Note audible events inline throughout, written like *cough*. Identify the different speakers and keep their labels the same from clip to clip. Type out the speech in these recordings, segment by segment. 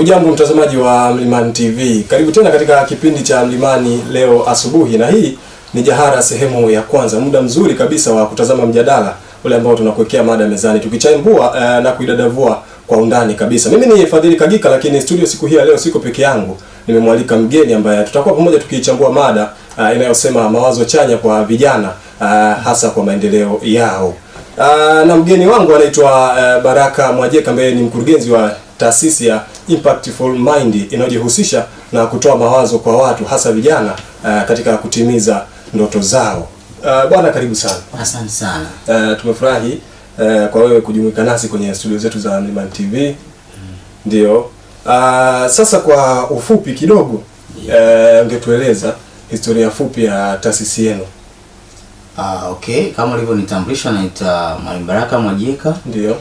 Speaker 1: Hujambo mtazamaji wa Mlimani TV, karibu tena katika kipindi cha Mlimani leo asubuhi, na hii ni jahara sehemu ya kwanza, muda mzuri kabisa wa kutazama mjadala ule ambao tunakuwekea mada mezani tukichambua uh, na kuidadavua kwa undani kabisa. Mimi ni Fadhili Kagika, lakini studio siku hii leo siko peke yangu, nimemwalika mgeni ambaye tutakuwa pamoja tukichambua mada uh, inayosema mawazo chanya kwa vijana uh, hasa kwa maendeleo yao. Uh, na mgeni wangu anaitwa uh, Baraka Mwajeka ambaye ni mkurugenzi wa taasisi ya impactful mind inayojihusisha na kutoa mawazo kwa watu hasa vijana uh, katika kutimiza ndoto zao. Uh, bwana karibu sana.
Speaker 2: Asante sana.
Speaker 1: Uh, tumefurahi uh, kwa wewe kujumuika nasi kwenye studio zetu za Mlima TV. Mm. Ndio. Uh, sasa kwa ufupi kidogo yeah. Uh, ungetueleza historia fupi ya taasisi yenu.
Speaker 2: Uh, okay, kama ulivyonitambulisha naita Mwalimu Baraka Mwajika. Ndio.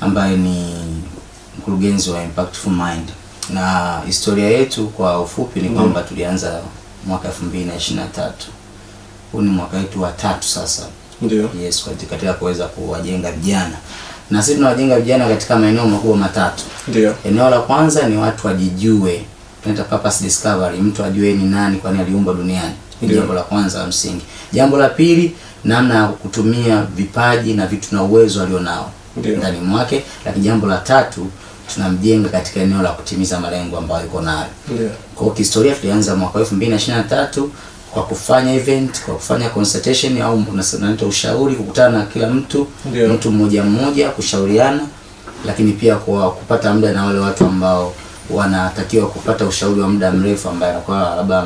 Speaker 2: Ambaye ni mkurugenzi wa Impactful Mind, na historia yetu kwa ufupi ni mm. kwamba mm. tulianza mwaka 2023. Huu ni mwaka wetu wa tatu sasa. Ndio. Yes, katika kuweza kuwajenga vijana na sisi tunawajenga vijana katika maeneo makubwa matatu. Ndio. Eneo la kwanza ni watu wajijue, tunaita purpose discovery, mtu ajue ni nani, kwani aliumba duniani. Ni jambo la kwanza la msingi. Jambo la pili, namna ya kutumia vipaji na vitu na uwezo alionao ndani mwake, lakini jambo la tatu tunamjenga katika eneo la kutimiza malengo ambayo yuko nayo. Yeah. Kwa hiyo kihistoria tulianza mwaka 2023 kwa kufanya event, kwa kufanya consultation au unaita ushauri, kukutana na kila mtu yeah. mtu mmoja mmoja kushauriana, lakini pia kwa kupata muda na wale watu ambao wanatakiwa kupata ushauri wa muda mrefu, ambaye anakuwa labda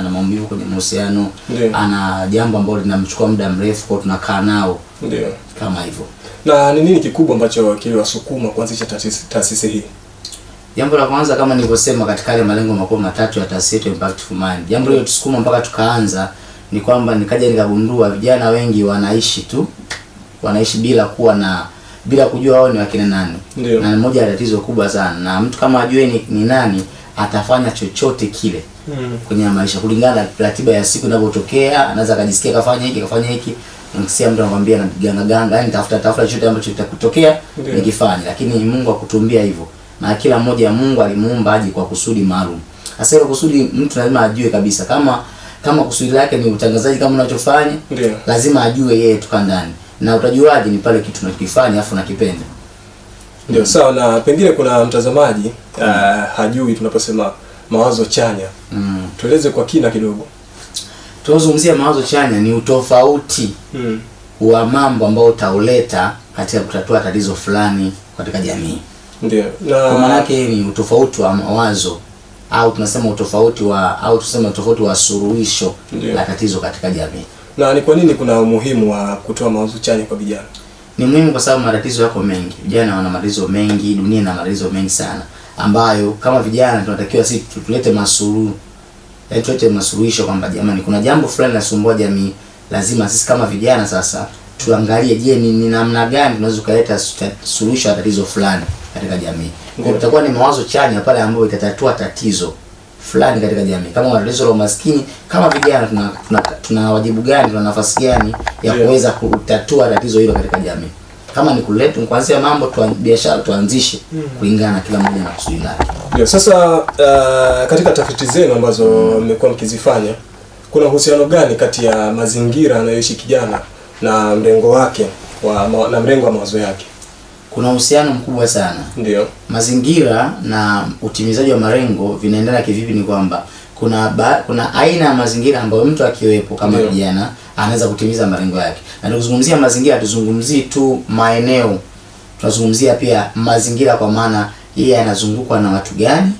Speaker 2: ana maumivu kwenye mahusiano, ana jambo ambalo linamchukua muda mrefu, kwa tunakaa nao ndio kama hivyo.
Speaker 1: Na ni nini kikubwa ambacho kiliwasukuma kuanzisha taasisi taasisi hii?
Speaker 2: Jambo la kwanza kama nilivyosema katika yale malengo makuu matatu ya taasisi yetu Impactful Mind, jambo hilo tusukuma mpaka tukaanza ni kwamba nikaja nikagundua vijana wengi wanaishi tu, wanaishi bila kuwa na bila kujua wao ni wakina nani. Ndiyo. Na moja ya tatizo kubwa sana, na mtu kama ajue ni, ni nani atafanya chochote kile mm. kwenye maisha kulingana na ratiba ya siku inavyotokea, anaweza akajisikia kafanya hiki kafanya hiki, nikisikia mtu anakwambia na ganga ganga, yani tafuta tafuta chochote ambacho kitakutokea nikifanye, lakini Mungu akutumbia hivyo, na kila mmoja Mungu alimuumba aje kwa kusudi maalum. hasa ile kusudi mtu lazima ajue kabisa, kama kama kusudi lake ni utangazaji kama unachofanya, lazima ajue yeye tuka ndani na utajuaje ni pale kitu tunakifanya afu nakipenda?
Speaker 1: Ndio, sawa. Na pengine kuna mtazamaji mm. uh, hajui tunaposema mawazo chanya mm. tueleze kwa kina kidogo.
Speaker 2: Tunazungumzia mawazo chanya ni utofauti mm. wa mambo ambayo utauleta katika kutatua tatizo fulani katika jamii. Ndio. Na kwa maana yake ni utofauti wa mawazo au tunasema utofauti wa au tunasema utofauti wa suluhisho la tatizo katika jamii.
Speaker 1: Na ni kwa nini kuna umuhimu wa kutoa mawazo chanya kwa vijana?
Speaker 2: Ni muhimu kwa sababu matatizo yako mengi, vijana wana matatizo mengi, dunia ina matatizo mengi sana, ambayo kama vijana tunatakiwa sisi tulete masuru yaani eh, tulete masuluhisho kwamba jamani, kuna jambo fulani linasumbua jamii, lazima sisi kama vijana sasa tuangalie, je, ni, ni namna gani tunaweza kuleta suluhisho ya tatizo fulani katika jamii. Kwa hiyo itakuwa ni mawazo chanya pale ambayo itatatua tatizo fulani katika jamii, kama wanatatizo la umaskini, kama vijana tuna, tuna, tuna wajibu gani, tuna nafasi gani ya yeah, kuweza kutatua tatizo hilo katika jamii? Kama ni kuletu kuanzia mambo tu biashara tuanzishe mm, kulingana kila mmoja na kusudi lake.
Speaker 1: yeah, sasa, uh, katika tafiti zenu ambazo mmekuwa mm, mkizifanya kuna uhusiano gani kati ya mazingira anayoishi kijana na mrengo wake wa, na mrengo wa mawazo yake?
Speaker 2: kuna uhusiano mkubwa sana. Ndio. Mazingira na utimizaji wa malengo vinaendana kivipi? Ni kwamba kuna ba, kuna aina ya mazingira ambayo mtu akiwepo kama kijana anaweza kutimiza malengo yake. Na tukizungumzia mazingira tuzungumzie tu maeneo, tunazungumzia pia mazingira kwa maana yeye anazungukwa na watu gani,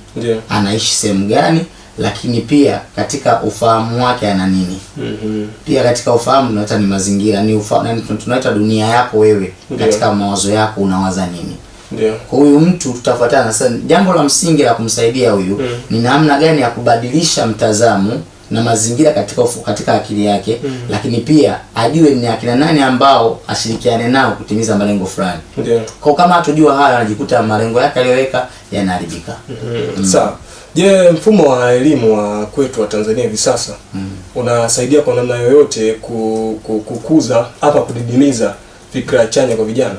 Speaker 2: anaishi sehemu gani lakini pia katika ufahamu wake ana nini? mm -hmm. Pia katika ufahamu tunaita ni mazingira, ni ufahamu tunaita dunia yako wewe. Ndiyo. Katika mawazo yako unawaza nini? yeah. Kwa huyu mtu tutafuatana sasa. Jambo la msingi la kumsaidia huyu mm. ni namna gani ya kubadilisha mtazamo na mazingira katika ufu, katika akili yake mm. hmm Lakini pia ajue ni akina nani ambao ashirikiane nao kutimiza malengo fulani. yeah. Kwa kama hatujua hayo, anajikuta malengo yake aliyoweka yanaharibika.
Speaker 1: mm -hmm. mm. Sawa. Je, mfumo wa elimu wa kwetu wa Tanzania hivi sasa mm. unasaidia kwa namna yoyote ku, ku, kukuza hapa kudidimiza fikra chanya kwa vijana?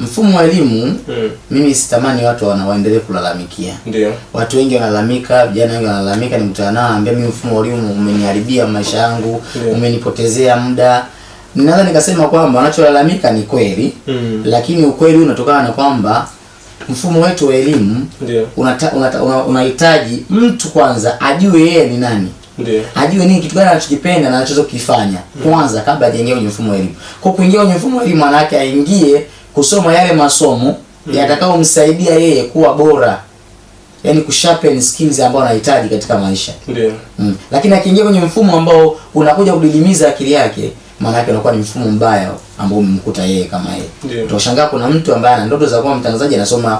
Speaker 2: Mfumo wa elimu mm. mimi sitamani watu wanaendelee kulalamikia. Ndio. Watu wengi wanalalamika, vijana wengi wanalalamika, nimekutana nao ambia mimi mfumo wa elimu umeniharibia maisha yangu, umenipotezea muda. Ninaweza nikasema kwamba wanacholalamika ni kweli mm. lakini ukweli unatokana na kwamba mfumo wetu wa elimu unahitaji una, una mtu kwanza ajue yeye ni nani Ndiyo. Ajue nini kitu gani anachokipenda na anachoweza anachokifanya mm. kwanza kabla ajaingia kwenye mfumo wa elimu. Kwa kuingia kwenye mfumo wa elimu maana aingie kusoma yale masomo mm. yatakayomsaidia yeye kuwa bora. Yaani kusharpen skills ambazo anahitaji katika maisha. Ndiyo. Mm. Lakini akiingia kwenye mfumo ambao unakuja kudidimiza akili yake maana yake unakuwa ni mfumo mbaya ambao umemkuta yeye kama yeye. Utashangaa kuna mtu ambaye ana ndoto za kuwa mtangazaji anasoma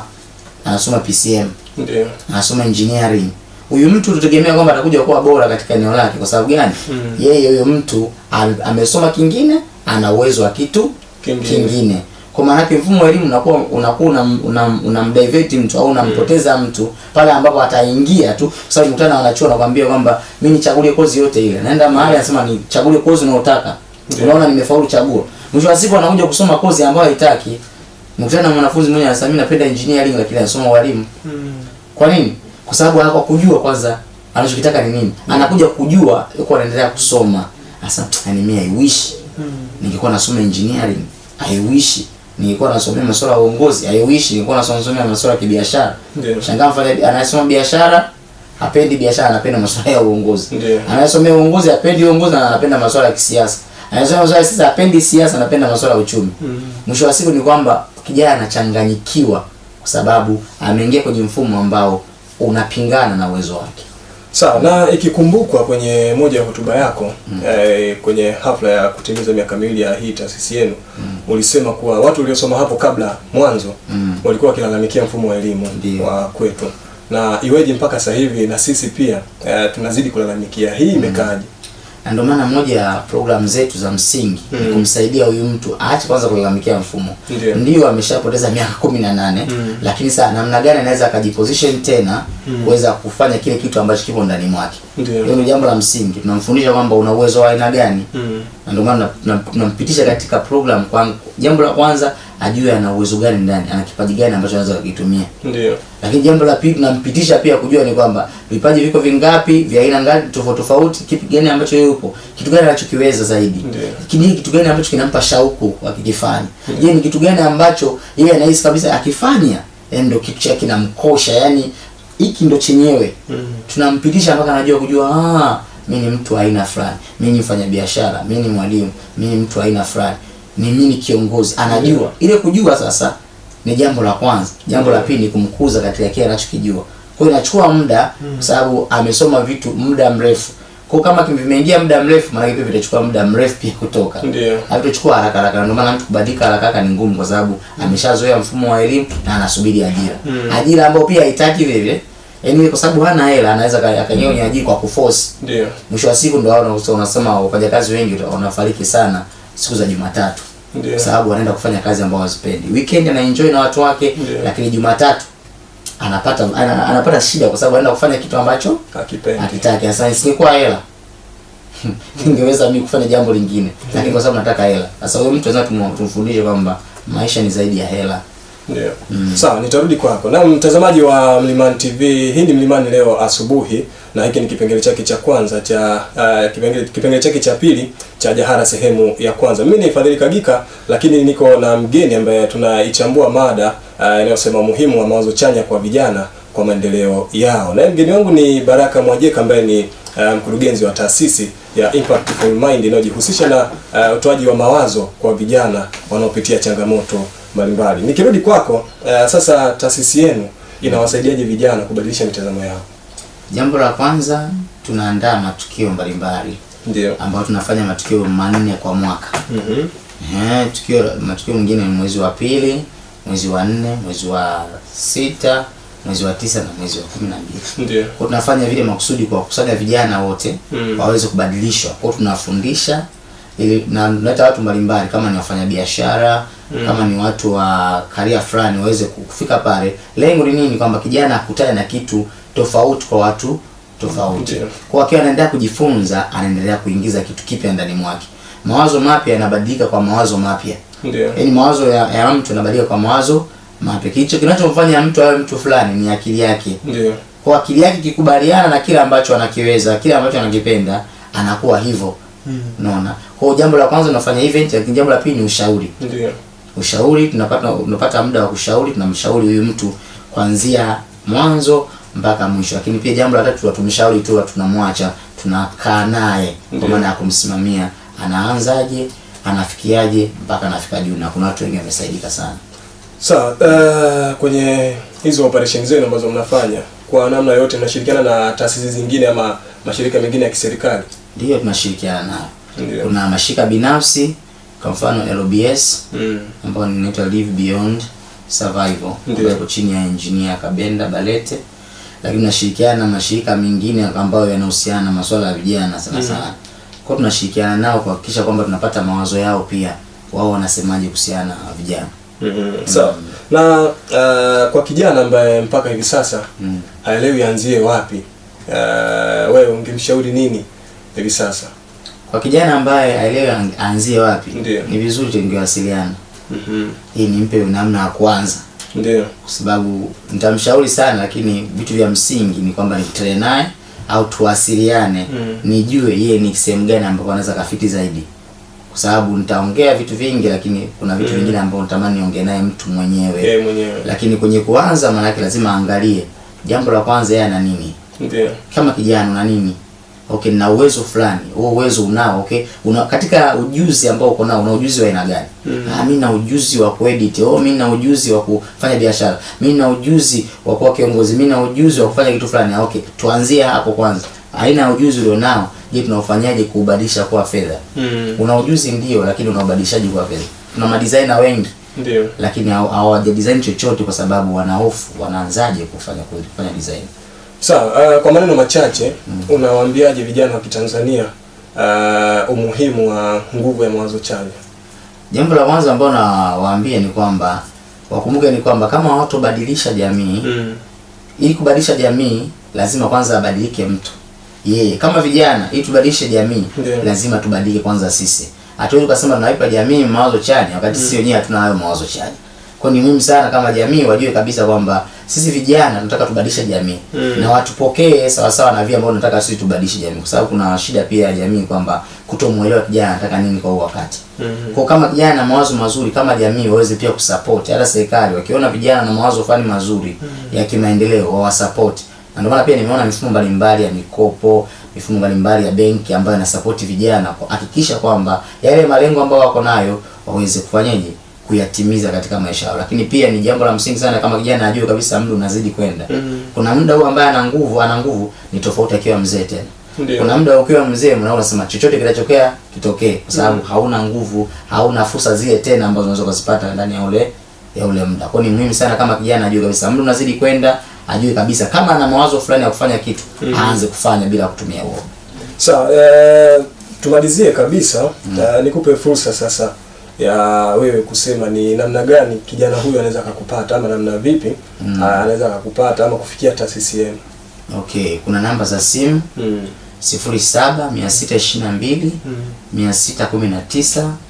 Speaker 2: anasoma PCM. Ndiyo. Anasoma engineering. Huyu mtu tutegemea kwamba atakuja kuwa bora katika eneo lake kwa sababu gani? Mm. Yeye huyo mtu al, amesoma kingine, ana uwezo wa kitu kingine. kingine. Kwa maana yake mfumo wa elimu unakuwa unakuwa una, una, una unamdivert mtu au unampoteza mm. mtu pale ambapo ataingia tu, kwa sababu mkutana wanachuo kwambia kwamba mimi nichagulie kozi yote ile. Naenda mahali anasema mm. nichagulie kozi unayotaka. Yeah. unaona nimefaulu chaguo. Mwisho wa siku anakuja kusoma kozi ambayo haitaki. Mkutana na mwanafunzi mmoja anasema mimi napenda engineering lakini anasoma walimu. Mm. Kwa nini? Kwa sababu hako kujua kwanza anachokitaka ni nini. Mm. Anakuja kujua yuko anaendelea kusoma. Sasa yani mimi I wish mm. ningekuwa nasoma engineering. I wish Ningekuwa nasomea masuala ya uongozi. I wish ningekuwa nasomea masuala ya kibiashara. Yeah. Shangaa mfanya anasoma biashara hapendi biashara, anapenda masuala ya uongozi. Yeah. Anasomea uongozi hapendi uongozi na anapenda masuala ya kisiasa anasema eh, mzee sasa apendi siasa, anapenda masuala ya uchumi. Mm. Mwisho mm. wa siku ni kwamba kijana anachanganyikiwa kwa sababu ameingia kwenye mfumo ambao unapingana na uwezo wake.
Speaker 1: Sawa, na ikikumbukwa kwenye moja ya hotuba yako mm. eh, kwenye hafla ya kutimiza miaka miwili ya hii taasisi yenu mm. ulisema kuwa watu waliosoma hapo kabla mwanzo mm. walikuwa wakilalamikia mfumo wa elimu wa kwetu, na iweje mpaka sasa hivi na sisi pia eh, tunazidi kulalamikia hii mm. imekaaje? mm
Speaker 2: na ndio maana moja ya programu zetu za msingi mm. ni kumsaidia huyu mtu aache kwanza kulalamikia mfumo. Ndio ameshapoteza miaka kumi na nane mm. lakini saa namna gani anaweza akajiposition tena mm. kuweza kufanya kile kitu ambacho kipo ndani mwake. Hiyo ni jambo la msingi, tunamfundisha kwamba una uwezo wa aina gani mm. na ndio maana tunampitisha katika program. Kwa jambo la kwanza ajue ana uwezo gani ndani, ana kipaji gani ambacho anaweza kukitumia. Ndio. Lakini jambo la pili tunampitisha pia kujua ni kwamba vipaji viko vingapi, vya aina ngapi tofauti tofauti, kipi gani ambacho yupo, kitu gani anachokiweza zaidi. Lakini kitu gani ambacho kinampa shauku akikifanya. Je, ni kitu gani ambacho yeye anahisi kabisa akifanya eh, ndio kitu chake kinamkosha, yani hiki ndo chenyewe. Mm Tunampitisha mpaka anajua kujua ah, mimi ni mtu aina fulani, mimi ni mfanyabiashara, mimi ni mwalimu, mimi ni mtu aina fulani ni mimi kiongozi anajua. Ile kujua sasa ni jambo la kwanza. Jambo la pili ni kumkuza katika kile anachokijua. Kwa hiyo inachukua muda mm-hmm. kwa sababu amesoma vitu muda mrefu. Kwa kama kimeingia muda mrefu, maana hivi vitachukua muda mrefu pia kutoka. Ndio. Hatochukua haraka haraka. Ndio maana mtu kubadilika haraka haraka ni ngumu kwa sababu mm-hmm. ameshazoea mfumo wa elimu na anasubiri ajira. Mm. Ajira ambayo pia haitaki vile vile. Yaani kwa sababu hana hela anaweza akanyonya ajira kwa kuforce. Ndio. Mwisho wa siku ndio wao wanasema wafanyakazi wengi wanafariki sana siku za Jumatatu yeah. sababu anaenda kufanya kazi ambayo hazipendi. Weekend enjoy na watu wake yeah. lakini Jumatatu anapata anapata shida kwa sababu anaenda kufanya kitu ambacho hakipendi, hakitaki. Sasa isingekuwa hela *laughs* ningeweza mimi kufanya jambo lingine, lakini kwa sababu nataka hela. Sasa huyo mtu lazima tumfundishe kwamba maisha ni zaidi ya hela.
Speaker 1: Ndio. Mm. Sawa, nitarudi kwako. Na mtazamaji wa Mlimani TV, hii ni Mlimani leo asubuhi na hiki ni kipengele chake cha kwanza cha uh, kipengele kipengele chake cha pili cha Jahara sehemu ya kwanza. Mimi ni Fadhili Kagika lakini niko na mgeni ambaye tunaichambua mada uh, inayosema uh, muhimu wa mawazo chanya kwa vijana kwa maendeleo yao. Na mgeni wangu ni Baraka Mwajeka ambaye ni uh, mkurugenzi wa taasisi ya Impactful Mind inayojihusisha na uh, utoaji wa mawazo kwa vijana wanaopitia changamoto mbalimbali. Nikirudi kwako, uh, sasa taasisi yenu inawasaidiaje vijana kubadilisha mitazamo yao?
Speaker 2: Jambo la kwanza tunaandaa matukio mbalimbali ndio, ambayo tunafanya matukio manne kwa mwaka. mm-hmm. Eh, tukio matukio mengine ni mwezi wa pili, mwezi wa nne, mwezi wa sita, mwezi wa tisa na mwezi wa kumi na mbili. Ndio. Kwa tunafanya vile makusudi kwa kusaga vijana wote mm. waweze kubadilishwa. Kwa tunafundisha ili na naleta watu mbalimbali kama ni wafanyabiashara mm. kama ni watu wa karia fulani waweze kufika pale. Lengo ni nini? Kwamba kijana akutane na kitu tofauti kwa watu tofauti mm. Kwa akiwa anaendelea kujifunza, anaendelea kuingiza kitu kipya ndani mwake. Mawazo mapya yanabadilika kwa mawazo mapya ndio, yani mawazo ya, ya mtu yanabadilika kwa mawazo mapya. Kicho kinachomfanya mtu awe mtu fulani ni akili yake ndio, Kwa akili yake kikubaliana na kile ambacho anakiweza, kile ambacho anakipenda, anakuwa hivyo. Hmm. Unaona? Kwa jambo la kwanza unafanya event, lakini jambo la pili ni ushauri. Ndiyo. Ushauri tunapata tunapata muda wa kushauri, tunamshauri huyu mtu kuanzia mwanzo mpaka mwisho. Lakini pia jambo la tatu tumshauri tu, tunamwacha, tunakaa naye kwa maana ya kumsimamia, anaanzaje, anafikiaje mpaka anafika juu, na kuna watu wengi wamesaidika sana.
Speaker 1: Sawa, so, uh, eh, kwenye hizo operation zenu ambazo mnafanya kwa namna yote Tunashirikiana na taasisi zingine ama mashirika mengine ya kiserikali?
Speaker 2: Ndio, tunashirikiana nayo. Kuna mashirika binafsi kwa mfano LBS mm. ambayo inaitwa Live Beyond Survival ambayo iko chini ya engineer Kabenda Balete, lakini tunashirikiana na mashirika mengine ambayo yanahusiana na masuala ya vijana sana mm. sana mm. kwa tunashirikiana nao kuhakikisha kwamba tunapata mawazo yao, pia wao wanasemaje kuhusiana na vijana
Speaker 1: mm-hmm. mm -hmm. so, mm na uh, kwa kijana ambaye mpaka hivi sasa mm. haelewi anzie wapi, uh, wewe ungemshauri nini hivi sasa
Speaker 2: kwa kijana ambaye haelewi anzie wapi? Ndiyo. ni vizuri tungewasiliana mm -hmm. hii nimpe namna ya kwanza ndio, kwa sababu nitamshauri sana, lakini vitu vya msingi ni kwamba nikutane naye au tuwasiliane mm. nijue yeye ni sehemu gani ambapo anaweza kafiti zaidi kwa sababu nitaongea vitu vingi, lakini kuna vitu mm. vingine ambavyo natamani niongee naye mtu mwenyewe yeah, mwenyewe. Lakini kwenye kuanza, maana yake lazima angalie jambo la kwanza, yeye ana nini? Ndiyo. kama kijana na nini okay, na uwezo fulani, huo uwezo unao okay, una katika ujuzi ambao uko nao, una ujuzi wa aina gani? mm. ah, mimi na ujuzi wa kuedit, oh, mimi na ujuzi wa kufanya biashara, mimi na ujuzi wa kuwa kiongozi, mimi na ujuzi wa kufanya kitu fulani. Ah, okay, tuanzie hapo kwanza aina ya ujuzi ulionao, je, tunaofanyaje kuubadilisha kuwa fedha? Mm. Una ujuzi ndio, lakini unaubadilishaje kuwa fedha? Tuna madizaina wengi ndio, lakini hawaja design chochote kwa sababu wana hofu wanaanzaje kufanya kufanya design.
Speaker 1: Sawa, uh, kwa maneno machache mm. unawaambiaje vijana wa Kitanzania uh, umuhimu wa nguvu ya mawazo chanya?
Speaker 2: Jambo la mwanzo ambalo nawaambia ni kwamba wakumbuke ni kwamba kama watu badilisha jamii mm. ili kubadilisha jamii lazima kwanza abadilike mtu mm yeah. Kama vijana ili tubadilishe jamii yeah. Lazima tubadilike kwanza sisi. Hatuwezi kusema tunaipa jamii mawazo chanya wakati mm. sisi wenyewe hatuna hayo mawazo chanya. Kwa ni muhimu sana kama jamii wajue kabisa kwamba sisi vijana tunataka tubadilishe jamii mm. na watupokee sawa sawa na vile ambao tunataka sisi tubadilishe jamii, kwa sababu kuna shida pia ya jamii kwamba kutomuelewa kijana anataka nini kwa wakati mm -hmm. Kwa kama kijana na mawazo mazuri, kama jamii waweze pia kusupport, hata serikali wakiona vijana na mawazo fani mazuri mm -hmm. ya kimaendeleo wawasupport na ndio maana pia nimeona mifumo mbalimbali ya mikopo, mifumo mbalimbali ya benki ambayo inasapoti vijana kuhakikisha kwamba yale malengo ambayo wako nayo waweze kufanyaje kuyatimiza katika maisha yao. Lakini pia ni jambo la msingi sana kama kijana ajue kabisa mdu unazidi kwenda. Mm -hmm. Kuna muda huu ambaye ana nguvu, ana nguvu ni tofauti akiwa mzee tena. Ndiyo. Kuna muda ukiwa mzee mnaona unasema chochote kinachotokea kitokee kwa sababu mm -hmm. hauna nguvu, hauna fursa zile tena ambazo unaweza kuzipata ndani ya ule ya ule muda. Kwa ni muhimu sana kama kijana ajue kabisa mdu unazidi kwenda ajue kabisa kama ana mawazo fulani ya kufanya kitu mm -hmm. aanze kufanya bila kutumia uoga.
Speaker 1: Sawa, eh, tumalizie kabisa mm -hmm. nikupe fursa sasa ya wewe kusema ni namna gani kijana huyu anaweza akakupata ama namna vipi mm. anaweza akakupata ama kufikia taasisi yenu.
Speaker 2: Okay, kuna namba za simu mm. -hmm. 622 mm.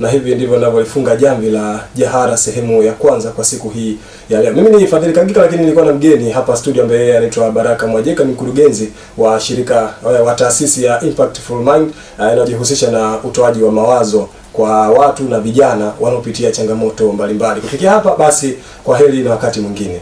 Speaker 1: na hivi ndivyo ninavyoifunga jamvi la Jahara sehemu ya kwanza kwa siku hii ya leo. Mimi ni Fadhili Kagika, lakini nilikuwa na mgeni hapa studio ambaye yeye anaitwa Baraka Mwajeka, ni mkurugenzi wa shirika wa taasisi ya Impactful Mind eh, inayojihusisha na utoaji wa mawazo kwa watu na vijana wanaopitia changamoto mbalimbali. Kufikia hapa basi, kwa heri na wakati mwingine.